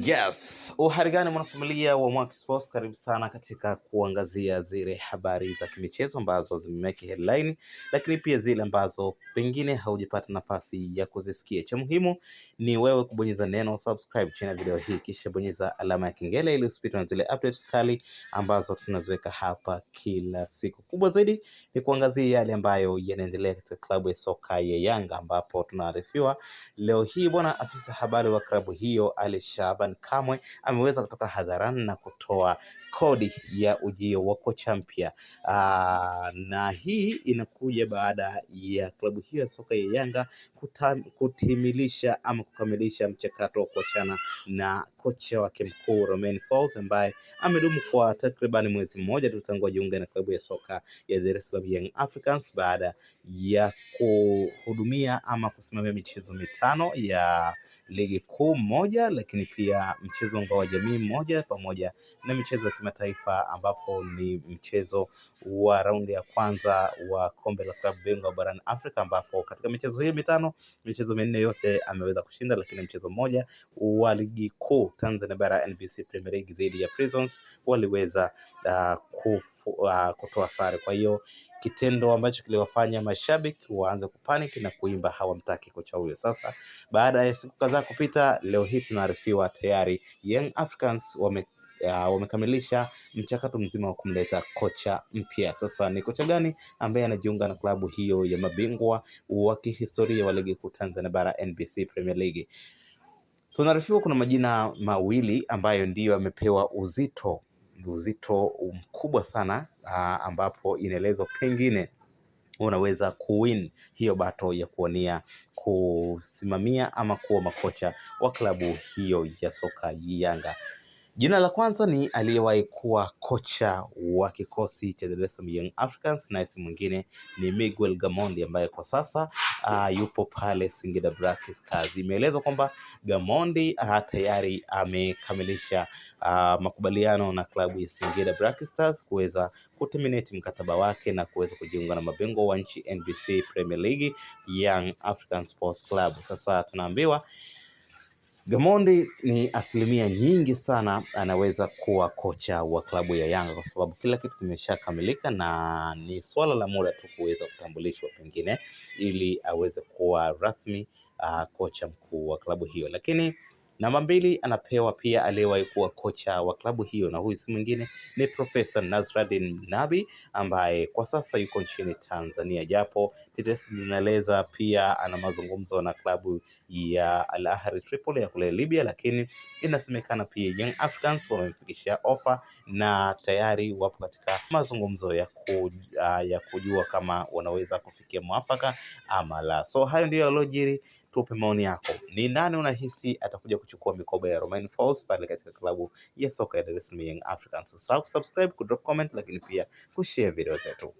Yes, uhali gani mwanafamilia wa Mwaki Sports, karibu sana katika kuangazia zile habari za kimichezo ambazo zimemeki headline, lakini pia zile ambazo pengine haujapata nafasi ya kuzisikia. Cha muhimu ni wewe kubonyeza neno subscribe chini ya video hii, kisha bonyeza alama ya kengele ili usipitwe na zile updates kali ambazo tunaziweka hapa kila siku. Kubwa zaidi ni kuangazia yale ambayo yanaendelea katika klabu ya soka ya Yanga, ambapo tunaarifiwa leo hii bwana, afisa habari wa klabu hiyo alisha Laban Kamwe ameweza kutoka hadharani na kutoa kodi ya ujio wa kocha mpya, ah, na hii inakuja baada ya klabu hiyo ya soka ya Yanga kutimilisha ama kukamilisha mchakato wa kuachana na kocha wake mkuu Romain Folz ambaye amedumu kwa takriban mwezi mmoja tu tangu ajiunge na klabu ya soka ya Dar es Salaam Young Africans baada ya kuhudumia ama kusimamia michezo mitano ya ligi kuu moja, lakini pia mchezo ngao wa jamii moja, pamoja na michezo ya kimataifa ambapo ni mchezo wa raundi ya kwanza wa kombe la klabu bingwa barani Afrika, ambapo katika michezo hiyo mitano, michezo minne yote ameweza kushinda, lakini mchezo mmoja wa ligi kuu klabu Tanzania Bara NBC Premier League dhidi ya Prisons waliweza uh, kufu, uh, kutoa sare. Kwa hiyo kitendo ambacho kiliwafanya mashabiki waanze kupanic na kuimba hawamtaki kocha huyo. Sasa baada ya siku kadhaa kupita, leo hii tunaarifiwa tayari Young Africans wame Uh, wamekamilisha mchakato mzima wa kumleta kocha mpya. Sasa ni kocha gani ambaye anajiunga na klabu hiyo ya mabingwa wa kihistoria wa ligi kuu Tanzania bara NBC Premier League? Tunaarifiwa kuna majina mawili ambayo ndiyo yamepewa uzito uzito mkubwa sana aa, ambapo inaelezwa pengine unaweza kuwin hiyo bato ya kuonia kusimamia ama kuwa makocha wa klabu hiyo ya soka Yanga. Jina la kwanza ni aliyewahi kuwa kocha wa kikosi cha Dar es Salaam Young Africans na isi mwingine ni Miguel Gamondi ambaye kwa sasa uh, yupo pale Singida Black Stars. Imeelezwa kwamba Gamondi uh, tayari amekamilisha uh, makubaliano na klabu ya Singida Black Stars kuweza kuterminate mkataba wake na kuweza kujiunga na mabingwa wa nchi NBC Premier League Young African Sports Club. Sasa tunaambiwa Gamondi ni asilimia nyingi sana anaweza kuwa kocha wa klabu ya Yanga kwa sababu kila kitu kimeshakamilika na ni swala la muda tu kuweza kutambulishwa pengine ili aweze kuwa rasmi uh, kocha mkuu wa klabu hiyo, lakini Namba mbili anapewa pia aliyewahi kuwa kocha wa klabu hiyo, na huyu si mwingine ni Profesa Nazruddin Nabi ambaye kwa sasa yuko nchini Tanzania, japo tetesi linaeleza pia ana mazungumzo na klabu ya Al Ahly Tripoli ya kule Libya, lakini inasemekana pia Young Africans wamemfikishia ofa na tayari wapo katika mazungumzo ya, ku, ya kujua kama wanaweza kufikia mwafaka ama la. So hayo ndiyo yalojiri, tupe maoni yako. Ni nani unahisi atakuja kuchukua mikoba ya Romain Folz pale katika klabu ya soka ya Dar es Salaam Young Africans? Usisahau kusubscribe, kudrop comment, lakini pia kushare video zetu.